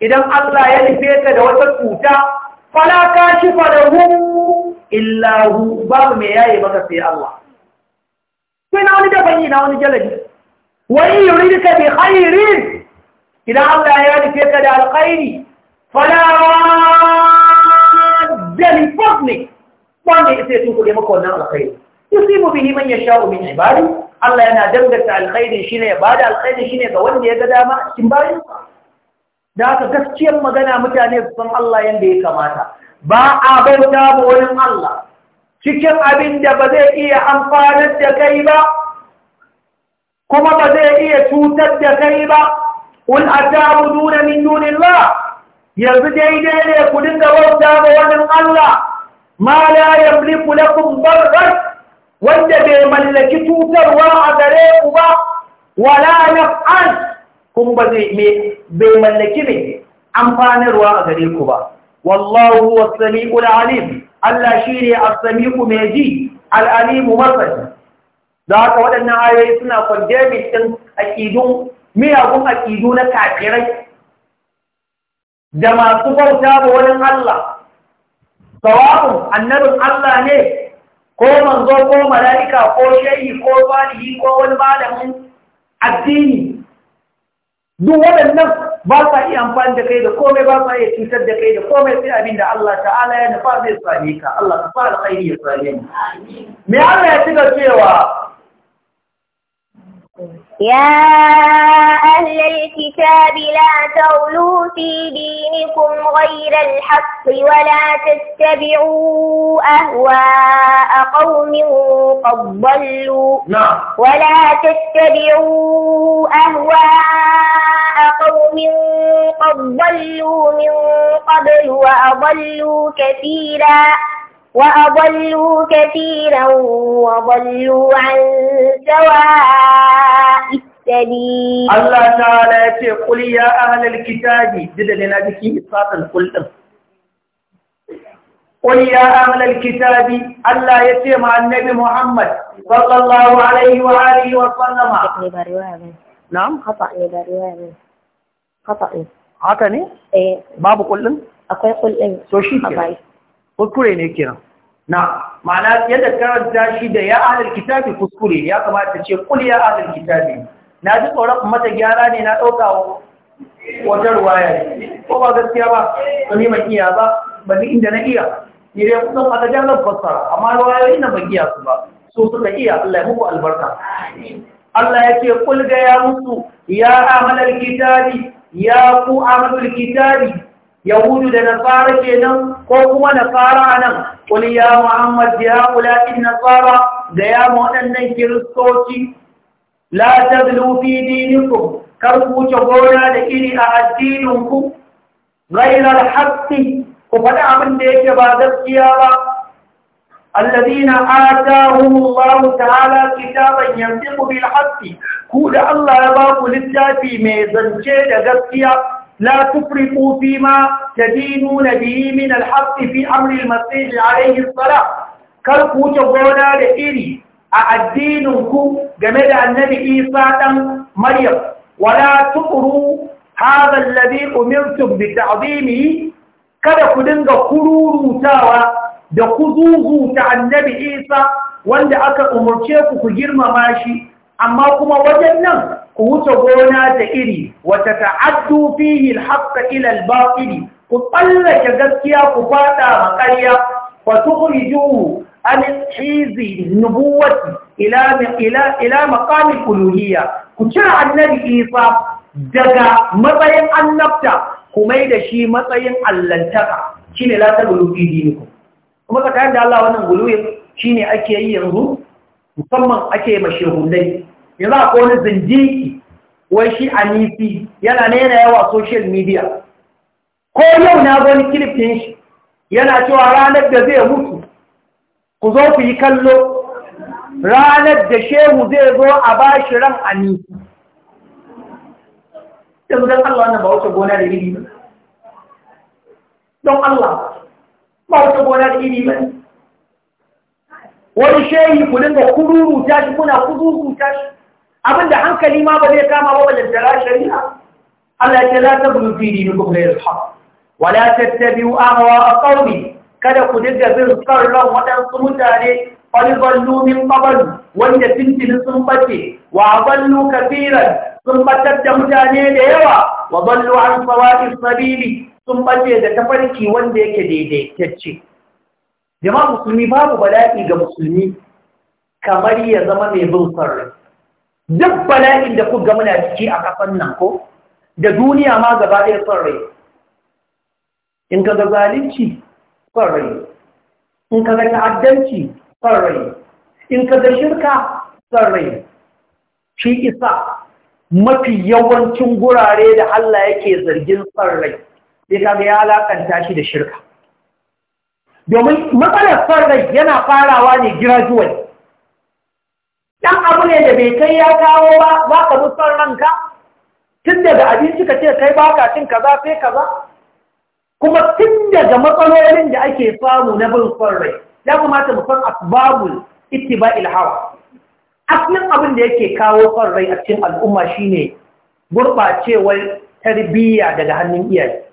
idan Allah ya nufe ka da wata cuta fala kashifa hu, illa hu babu mai yaye maka sai Allah sai na wani daban na wani jalabi wa in yuridka bi khairin idan Allah ya nufe ka da alkhairi fala dali fadli wanda ya sai tunkuɗe maka wannan alkhairi yusibu bihi man yasha'u min ibadi Allah yana danganta alkhairin shine ya bada alkhairin shine ga wanda ya ga dama a cikin bayansa da aka gaskiyar magana mutane su Allah yadda ya kamata ba a bauta ba wurin Allah cikin abin da ba zai iya amfanar da kai ba kuma ba zai iya cutar da kai ba ƙul ataru duna min dunillah yanzu daidai ne ku dinga bauta ba wurin Allah ma la yamliku wanda bai mallaki cutarwa a gare ku ba wala naf'an Kun ba zai bai mallaki ne amfanarwa a gare ku ba wallahu was-sami'ul alim Allah shine as-sami'u mai ji al-alim masani da haka waɗannan ayoyi suna condemning din aqidun miyagun aƙidu na kafirai da masu bauta ba wani Allah sawa'un annabin Allah ne ko manzo ko mala'ika ko shehi ko salihi ko wani malamin addini duk waɗannan ba sa iya amfani da kai da komai ba sa iya cutar da kai da komai sai abin da Allah ta'ala ya nufa zai sami ka Allah ta fara alkhairi ya sami mu me Allah ya ci cewa يا أهل الكتاب لا تغلوا في دينكم غير الحق ولا تتبعوا أهواء قوم قد ضلوا نعم. ولا تتبعوا أهواء قوم قد ضلوا من قبل وأضلوا كثيرا وأضلوا كثيرا وضلوا عن سواء السبيل الله تعالى يقول يا أهل الكتاب جدا لنا ذكي إطلاق القلب قل يا أهل الكتاب الله يسمع النبي محمد صلى الله عليه وآله وسلم نعم خطأني برواية خطأني haka ne? babu kullum? akwai kullum so shi ke kuskure na ma'ana yadda karanta shi da ya ahlul kitabi kuskure ya kamata ce kul ya ahlul kitabi na ji tsoron mata gyara ne na ɗauka wata ruwaya ne ko ba gaskiya ba ba ni ban iya ba ba ni inda na iya ni dai kusan a gajen zan fassara amma ruwayoyin na ban iya su ba su suka iya Allah ya muku albarka Allah ya ce kul ga ya musu ya amalar kitabi ya ku amalar kitabi yahudu da nasara kenan ko kuma nasara anan qul ya muhammad ya ulati nasara da ya waɗannan kiristoci la tablu fi dinikum kar ku wuce gona da iri a addininku ghairar haqqi ku faɗi abin da yake ba gaskiya ba الذين آتاهم الله تعالى كتابا ينطق بالحق كود الله mai للتافي da gaskiya. لا تفرقوا فيما تدينون به من الحق في أمر المسيح عليه الصلاة كالكو تقولا لإلي أعدينكم جميل النبي إيسا مريم ولا تطروا هذا الذي أمرتم بتعظيمه kada ku dinga kururutawa da kuzuzuta annabi Isa wanda aka umarce ku ku girmama shi amma kuma wajen nan ku wuce gona da iri wata ta'addu fihi al-haqqa ila al-batil ku tsallake gaskiya ku fada makarya wa tukhriju al-hizi nubuwati ila ila ila maqam ku annabi Isa daga matsayin annabta kuma da shi matsayin allantaka shine la tabulu fi dinikum kuma ka tayar da Allah wannan guluyin shine ake yi yanzu musamman ake ma shehunai yanzu a wani zindiki wai shi a nisi yana nena yawa social media ko yau na gani kilifin shi yana cewa ranar da zai mutu ku zo ku yi kallo ranar da shehu zai zo a ba shi ran a nisi yanzu don Allah wannan ba wuce gona da iri ba don Allah ba wuce gona da iri ba wani shehi ku dinga kururuta shi kuna kururuta shi abinda hankali ma ba zai kama ba wajen tara shari'a Allah ya ce la tablu fi dinikum la yalhaq wa la amawa a qawmi kada ku dinga bin sarran waɗansu mutane wani ballu min qabl wanda tintinin sun bace wa ballu kafiran sun batar da mutane da yawa wa ballu an sawa'i sabili sun bace da tafarki wanda yake daidaitacce jama'a musulmi babu bala'i ga musulmi kamar ya zama mai bin sarri duk bala'in da kuka muna ciki a kafan nan ko da duniya ma gaba ɗaya sarri in ka ga zalunci sarri in ka ga ta'addanci sarri in ka ga shirka sarri shi isa mafi yawancin gurare da Allah yake zargin sarri sai kaga ya alakanta shi da shirka domin matsalar farai yana farawa ne graduate ɗan abu ne da bai kai ya kawo ba za ka son ranka tun daga abinci ka ce kai baka cin kaza sai kaza kuma tun daga matsalolin da ake samu na bin farai ya kamata mu san asbabul ba ilhawa asalin abin da yake kawo rai a cikin al'umma shine gurɓacewar tarbiyya daga hannun iyaye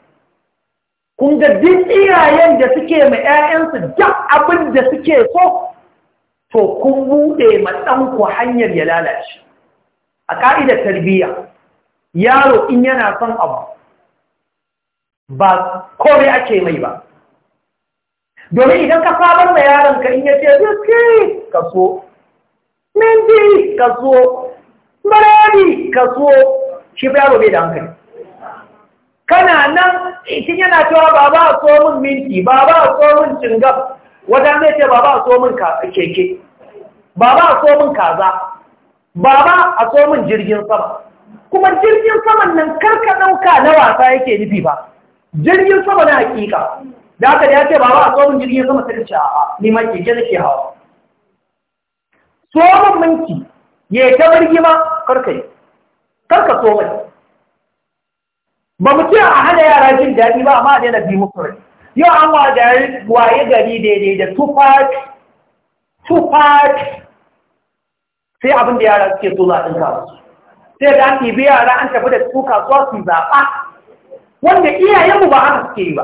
kun ga duk iyayen da suke ma 'ya'yansu duk abin da suke so to kun buɗe matsanku hanyar ya lalace a ƙa'idar tarbiyya yaro in yana son abu ba kome ake mai ba domin idan ka sabar da yaron ka in ya ce biski ka so minti ka so marari ka so shi yaro bai da hankali kana nan itin eh, yana cewa ba a so min minti ba a so min Wajen wata zai ce ba a so min keke ba a so min kaza ba a so min jirgin sama kuma jirgin saman nan karka ɗauka na wasa yake nufi ba jirgin sama na hakika da aka da ya ce ba a so min jirgin sama sai ce a neman keke ke hawa so min minti ya ta birgima karka yi karka so min. ba mu ce a hana yara jin daɗi ba amma a daina bi musu rai yau an waye gari daidai da tufafi tufafi sai abin da yara suke so zaɗin kawo sai da an ɗibi yara an tafi da su kasuwa su zaɓa wanda iyayenmu ba haka suke yi ba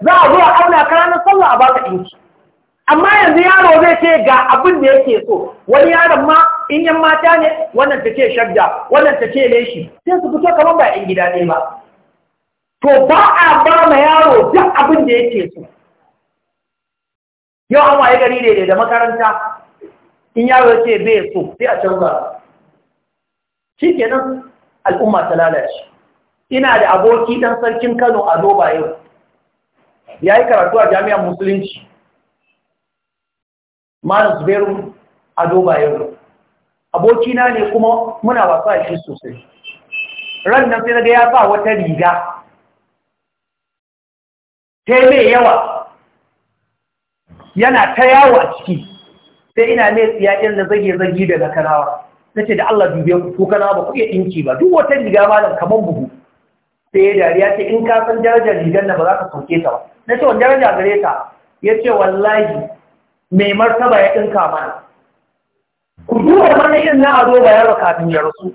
za a zo a auna karanar sallah a baka ɗinki amma yanzu yaro zai ce ga abin da yake so wani yaron ma in yan mata ne wannan ta ce shabda wannan ta ce leshi sai su fito kamar ba yan gida ne ba to ba a ba ma yaro duk abin da yake so yau an waye gari daidai da makaranta in yaro yake bai so sai a canza shi kenan al'umma ta lalace ina da aboki dan sarkin kano a zoba yau ya yi karatu a jami'an musulunci malam zubairu a zoba yau abokina ne kuma muna wasa shi sosai ran nan sai na ga ya ba wata riga ta mai yawa yana ta yawo a ciki sai ina mai tsiyayen da zage-zage daga kanawa na ce da Allah dubiya ko kanawa ba ku iya ɗinki ba duk wata riga ma da kamar bugu. sai ya dariya ce in ka san darajar rigar na ba za ka sauke ta ba na ce wani daraja gare ta ya ce wallahi mai martaba ya ɗinka mana ku duba mana irin na ado ba yaro kafin ya rasu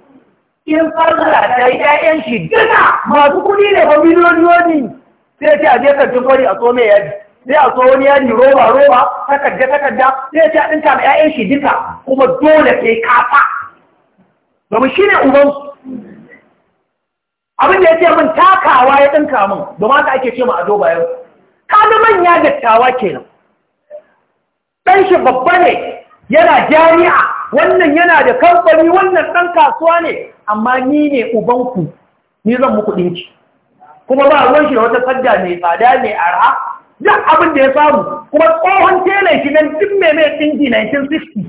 in farza ta yi ƴaƴan shi duka masu kuɗi ne ba miliyoniyoyi sai ce a je kantin kwari a tsome mai yadi sai a so wani yadi roba roba takarda takarda sai ce a dinka ma ƴaƴan shi duka kuma dole sai kafa domin shine uban abin da ya ce min takawa ya dinka min domin haka ake ce ma a zo bayan kaga manya dattawa kenan dan shi babba ne yana jami'a wannan yana da kamfani wannan dan kasuwa ne amma ni ne ubanku ni zan muku dinki kuma ba ruwan shi da wata sadda mai tsada mai ara duk abin da ya samu kuma tsohon tele shi nan duk mai mai ɗinki 1960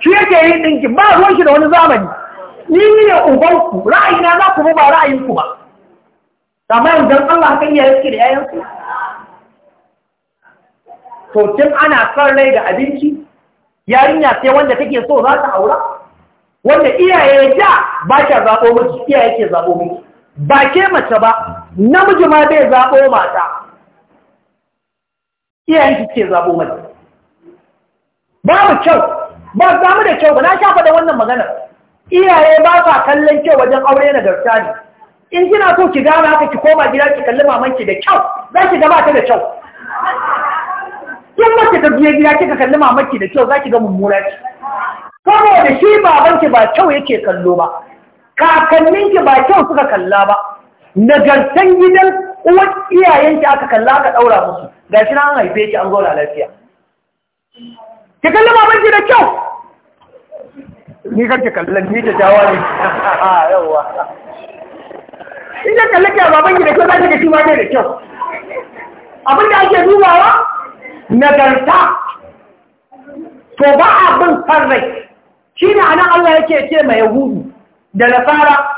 shi yake yi ɗinkin ba ruwan shi da wani zamani ni ne ubanku ra'ayina za ku ba ra'ayinku ba amma yanzu Allah kan iya yake da yayansu to tun ana kan rai da abinci yarinya sai wanda take so za ta aura wanda iyaye da ba ta zaɓo miki iyaye ke zaɓo miki ba ke mace ba namiji ma bai zaɓo mata iyayen ke zaɓo mata babu kyau ba za mu da kyau ba na shafa da wannan maganar iyaye ba sa kallon kyau wajen aure na garta ne in kina so ki gane haka ki koma gida ki kalli mamanki da kyau za ki gama ta da kyau in mace ta biye gida kika kalli mamanki da kyau za ki ga mummuna ce saboda shi babanki ba kyau yake kallo ba kakanninki ba kyau suka kalla ba nagartan gidan uwar iyayenki aka kalla aka ɗaura musu gashi na an haife ki an zauna lafiya ki kalli ki da kyau ni ki kalla ni ta jawa ne ah, yawa idan kalla ki babanki da kyau zaki ga shi ma ne da kyau abin da ake dubawa nagarta to ba abin farrai shi ne anan Allah yake ce mai yahudu da nasara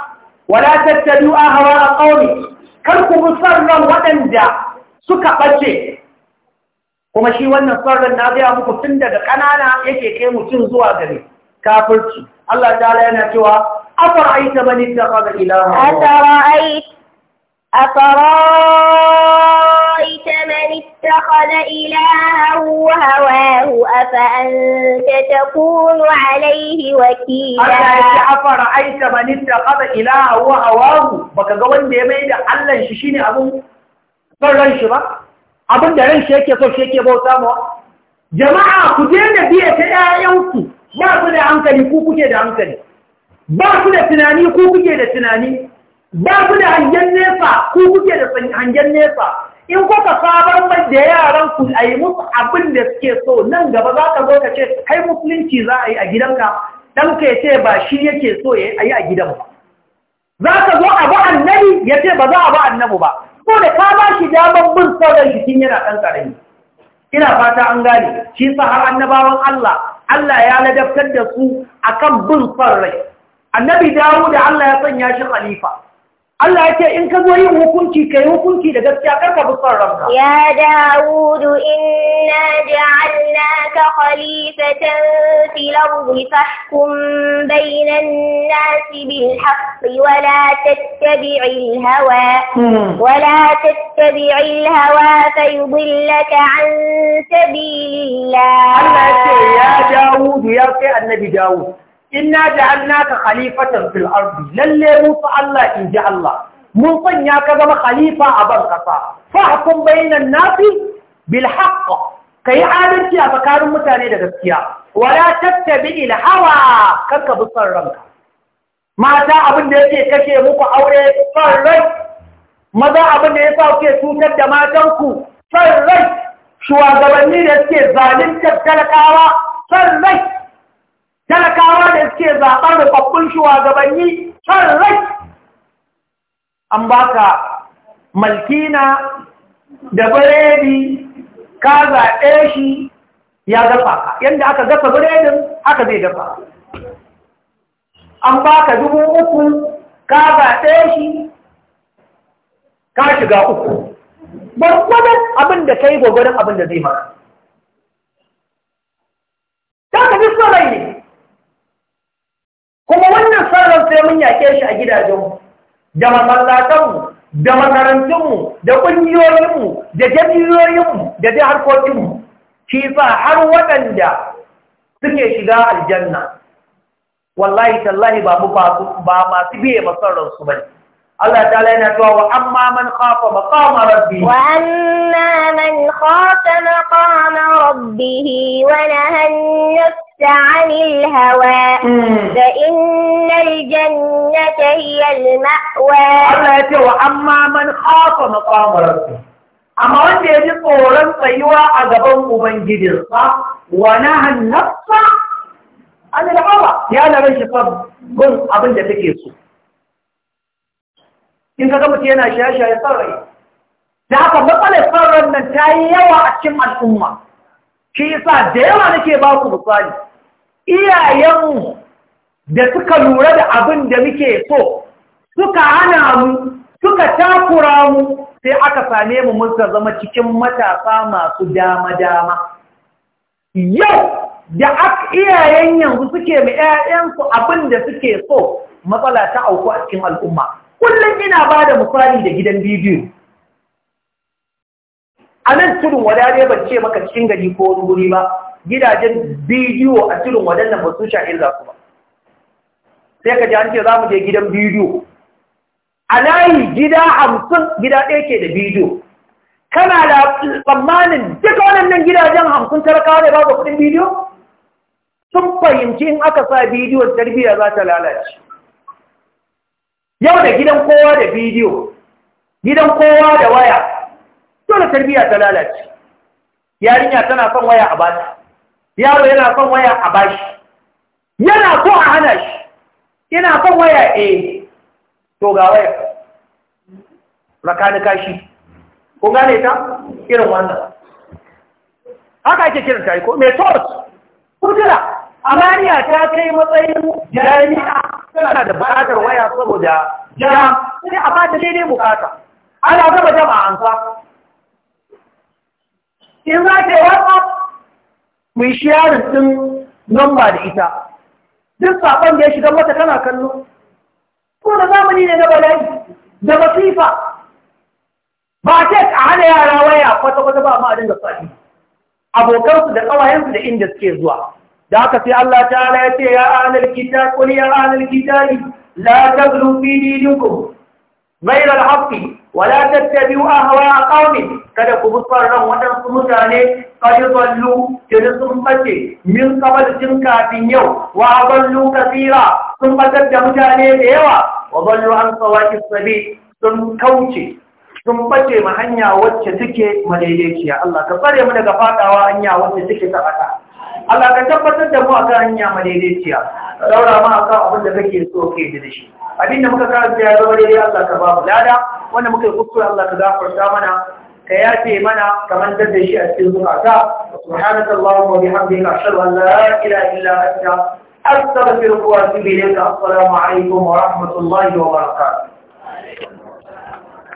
wala hawa ahwa qaumi kar ku bi sarran waɗanda suka ɓace kuma shi wannan sarran na gaya muku tun daga ƙanana yake kai mutum zuwa gare kafirci Allah ta'ala yana cewa afara'aita man ittakhadha ilaha أفرأيت أفرأيت اتخذ إلهه هواه أفأنت تكون عليه وكيلا الله يتعفر أيك من اتخذ إلهه هواه فكذا دي ميدا الله ششيني أبو فرنش با abin da ran shi yake so shi yake bauta mawa jama'a ku daina biya ta 'ya'yanku ba su da hankali ku kuke da hankali ba su da tunani ku kuke da tunani ba su da hangen nefa ku kuke da hangen nefa in kuka sabar mai da yaran ku a yi musu abin da suke so nan gaba za ka zo ka ce kai musulunci za a yi a gidanka Dan ka ce ba shi yake so ya yi a gidan ba za ka zo a ba annabi ya ce ba za a ba annabi ba ko da ka ba shi damar bin sauran shi yana ɗan ƙarami ina fata an gane shi sa har annabawan Allah Allah ya ladabtar da su akan bin son rai annabi Dawud Allah ya sanya shi khalifa Allah ya ce in ka zo yin hukunci kai hukunci da gaskiya kar ka busar ranka. Ya Dawud inna ja'alnaka khalifatan fil ardi fahkum bainan nasi bil haqqi wa la tattabi'il hawa wa la tattabi'il hawa fayudillaka an sabilillah. Allah ya ce ya Dawud ya kai annabi Dawud da ja'alnaka khalifatan khalifatar ardi lalle mu Allah in ji Allah mun sanya ka zama khalifa a ban kasa fahkum bainan nasi bil Ka yi adalci a tsakanin mutane da gaskiya wala tattabi il hawa kanka bi son ranka mata abin da yake kashe muku aure son rai maza abin da sa kuke cutar da matanku son rai shugabanni da suke zaluntar talakawa son rai talakawa da suke zaɓar da rufaffun shugabanni can rai an baka malkina da biredi ka zaɓe shi ya zafa ka yadda aka zafa biredin haka zai dafa an baka dubu uku ka zaɓe shi ka shiga uku gwargwadon abin da ka yi gwargwadon abin da zai maka ta ka ji tsoron ne kuma wannan tsarin sai mun yake shi a gidajenmu da masallatanmu da makarantunmu da ƙungiyoyinmu da jami'oyinmu da dai harkokinmu shi sa har waɗanda suke shiga aljanna wallahi tallahi ba mu ba masu biye masarar ba ne Allah ta'ala yana cewa wa amma man khafa maqama rabbi wa amma man khafa maqama rabbihi wa nahana عن الهوى فإن الجنة هي المأوى الله يتوى أما من خاف مقام ربه أما وانت يجي قولا طيوة أقبان أبنجد الصح ونهى النفس عن الهوى يا لبن شفاب قل أبن تكيسو إن كتبت ينا شاشة يصري da haka matsalar tsaron nan ta yi yawa a cikin al'umma shi yasa da yawa nake ba ku misali iyayenmu da suka lura da abin da muke so suka hana mu suka takura mu sai aka same mu mun zama cikin matasa masu dama-dama yau da iyayen yanzu suke mu 'ya'yansu abin da suke so matsala ta auku a cikin al'umma kullum ina ba da misali da gidan bidiyo a nan tudun wadare ba ce maka cikin gari ko wani guri ba gidajen bidiyo a cikin waɗannan ba su sha'ir za su ba sai ka ji an ce za mu je gidan bidiyo a layi gida hamsin gida ɗaya ke da bidiyo kana da tsammanin duka waɗannan gidajen hamsin talakawa ne babu kuɗin bidiyo sun fahimci in aka sa bidiyo tarbiyya za ta lalace yau da gidan kowa da bidiyo gidan kowa da waya dole tarbiyya ta lalace yarinya tana son waya a bata yaro yana son waya a bashi yana so a hana shi ina son waya a eh. to ga waya rakani kashi ko gane ta irin wannan haka ake kiran ta ko tort kujira amaniya ta kai matsayin jami'a tana da buƙatar waya saboda jira. sai a fata daidai bukata ana gaba jama'a an sa in za ta yi Mu yi sharing ɗin nomba da ita duk saɓon da ya shiga mata kana kallo ko da zamani ne na bala'i da masifa ba a ce a hana yara waya kwata-kwata ba ma a dinga tsari abokansu da ƙawayensu da inda suke zuwa da aka sai Allah ta ala ya ce ya anar gita kuli ya anar gita ne la ta zurfi dininku غير الحق a hawa a قوم kada ku bi son ran waɗansu mutane sun bace min kabal jin kafin yau, wa يوم وأضلوا sun bace da mutane da yawa. Wa صواك an sawaki sabi sun sun bace ma hanya wacce take madaidaiciya Allah ka tsare mu daga fadawa hanya wacce take ta Allah ka tabbatar da mu akan hanya madaidaiciya daura ma akan abin da kake so ke da shi abin da muka karanta ya zama daidai Allah ka ba mu lada wanda muka yi kuskure Allah ka gafarta mana ka yafe mana kamar da da shi a cikin zukata subhanaka allahumma wa bihamdika ashhadu an la ilaha illa anta astaghfiruka wa atubu ilayka assalamu alaikum wa rahmatullahi wa barakatuh